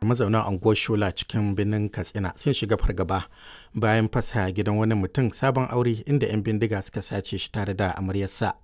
mazauna unguwar shola cikin birnin katsina sun shiga fargaba bayan fasa gidan wani mutum sabon aure inda 'yan bindiga suka sace shi tare da amaryarsa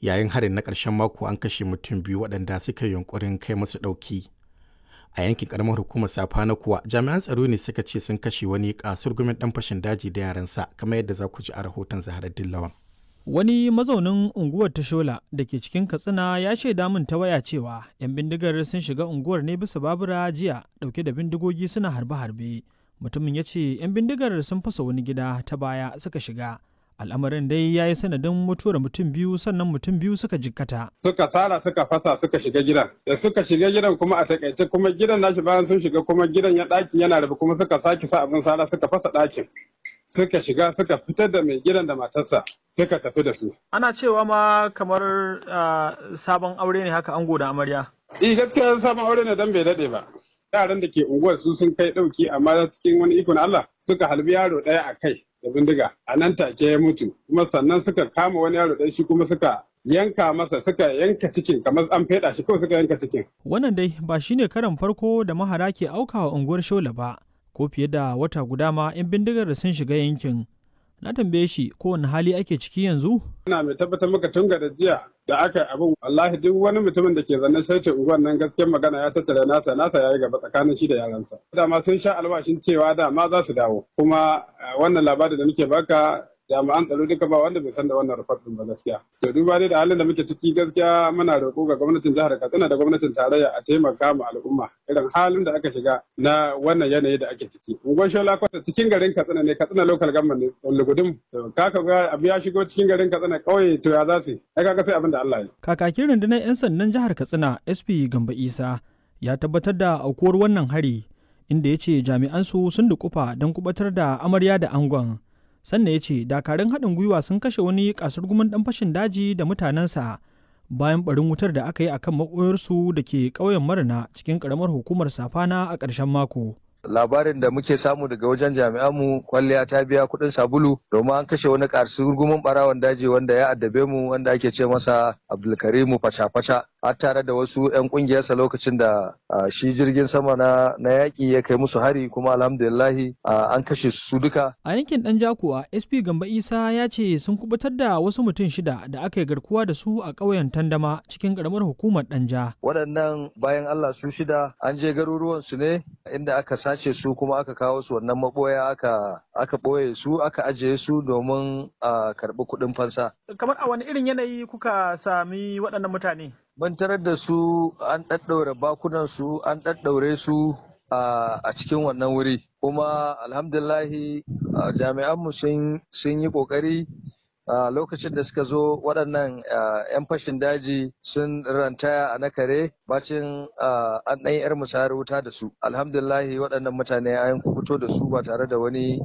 yayin harin na karshen mako an kashe mutum biyu waɗanda suka yunkurin kai masu ɗauki a yankin ƙaramar hukumar safa na kuwa jami'an tsaro ne suka ce sun kashe wani kasurgumin ɗan fashin daji da yaransa kamar yadda za ku ji a rahoton zaharar dillawan Wani mazaunin unguwar Tashola da ke cikin Katsina ya shaida min ta waya cewa 'yan bindigar sun shiga unguwar ne bisa babura jiya dauke da bindigogi suna harbe-harbe. Mutumin ya ce 'yan bindigar sun fasa wani gida ta baya suka shiga. Al'amarin dai ya yi sanadin mutuwar mutum biyu sannan mutum biyu suka jikkata. Suka sara suka fasa suka shiga gidan. Da suka shiga gidan kuma a takaice kuma gidan nashi bayan sun shiga kuma gidan ya ɗakin yana rufe kuma suka sake sa abin sara suka fasa ɗakin. suka shiga suka fitar da mai gidan da matarsa suka tafi da su. Ana cewa ma kamar ah, sabon aure ne haka ango da amarya. Eh gaskiya sabon aure ne dan bai dade ba. Yaran da ke unguwar su sun kai dauki amma cikin wani ikon Allah suka halbi yaro ɗaya a kai da bindiga a nan take ya mutu kuma sannan suka kama wani yaro ɗaya shi kuma suka yanka masa suka yanka cikin kamar an feɗa shi kawai suka yanka cikin. Wannan dai ba shine karan farko da mahara ke aukawa unguwar Shola ba. ko fiye da wata guda ma 'yan bindigar da sun shiga yankin na tambaye shi kowane hali ake ciki yanzu ina mai tabbatar maka tun ga jiya da aka abin wallahi duk wani mutumin da ke zanen sace unguwan nan gaskiyar magana ya tattara nasa nasa ya yi gaba tsakanin shi da yaransa dama sun sha alwashin cewa dama za su dawo kuma eh, wannan labarin da muke baka jami'an tsaro duka ba wanda bai san da wannan rufar ba gaskiya to duba dai da halin da muke ciki gaskiya muna roƙo ga gwamnatin jihar Katsina da gwamnatin tarayya a taimaka ma al'umma irin halin da aka shiga na wannan yanayi da ake ciki unguwar shola kwata cikin garin Katsina ne Katsina local government ne lugudum to kaka ga abu ya shigo cikin garin Katsina kauye to ya za su ai ka sai abin da Allah ya kakakin rundunar yan sandan jihar Katsina SP Gamba Isa ya tabbatar da aukuwar wannan hari inda ya ce jami'an su sun dukufa don kubatar da amarya da angon sannan ya ce dakarun haɗin gwiwa sun kashe wani kasurgumin ɗan fashin daji da mutanensa bayan barin wutar da aka yi a kan makoyarsu da ke ƙauyen marina cikin ƙaramar hukumar safana a ƙarshen mako. labarin da muke samu daga wajen jami'anmu kwalliya ta biya kuɗin sabulu domin an kashe wani kasurgumin barawan daji wanda ya addabe mu wanda ake ce masa abdulkarimu fasha-fasha har tare da wasu 'yan ƙungiyarsa lokacin da shi jirgin sama na na yaƙi ya kai musu hari kuma alhamdulillahi an kashe su duka. A yankin ɗan jakuwa SP Gamba Isa ya ce sun kubutar da wasu mutum shida da aka yi garkuwa da su a ƙauyen Tandama cikin ƙaramar hukumar Ɗanja. Waɗannan bayan Allah su shida an je garuruwan su ne inda aka sace su kuma aka kawo su wannan maɓoya aka aka ɓoye su aka ajiye su domin a karɓi kuɗin fansa. Kamar a wani irin yanayi kuka sami waɗannan mutane? mun tarar da su an ɗaɗɗaure bakunan su an ɗaɗɗaure su a cikin wannan wuri kuma alhamdulahi jami'anmu sun yi ƙoƙari lokacin da suka zo waɗannan 'yan fashin daji sun rantaya a na kare bacin an ɗan yar musayar wuta da su alhamdulahi waɗannan mutane an fito da su ba tare da wani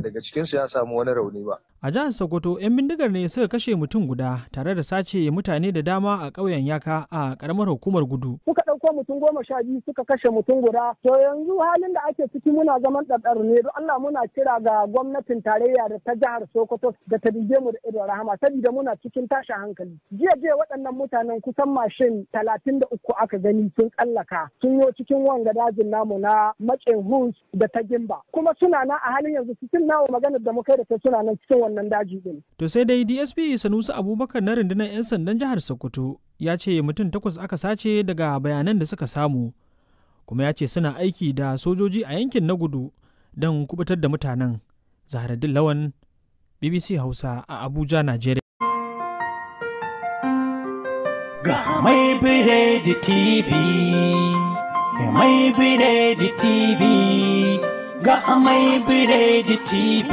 daga cikinsu ya samu wani rauni ba A jihar Sokoto, 'yan bindigar ne suka kashe mutum guda tare da sace mutane da dama a ƙauyen Yaka a ƙaramar hukumar Gudu. Suka ɗauko mutum goma sha biyu suka kashe mutum guda. To yanzu halin da ake ciki muna zaman ɗaɗɗar ne. Don Allah muna kira ga gwamnatin tarayya da ta jihar Sokoto da ta dige mu da ido rahama saboda muna cikin tashin hankali. Jiya jiya waɗannan mutanen kusan mashin talatin da uku aka gani sun tsallaka sun yo cikin wanga dajin namu na Macin Hus da ta Gimba. Kuma suna na a halin yanzu cikin nawa maganar da muka da ta suna nan cikin wannan daji din. To sai dai DSP Sanusi Abubakar na rundunar 'yan sandan jihar Sokoto ya ce mutum takwas aka sace daga bayanan da suka samu kuma ya ce suna aiki da sojoji a yankin na gudu don kubutar da mutanen. Zahra Lawan, BBC Hausa a Abuja, Najeriya. Ga mai bire da TV, mai bire da TV, ga mai bire da TV.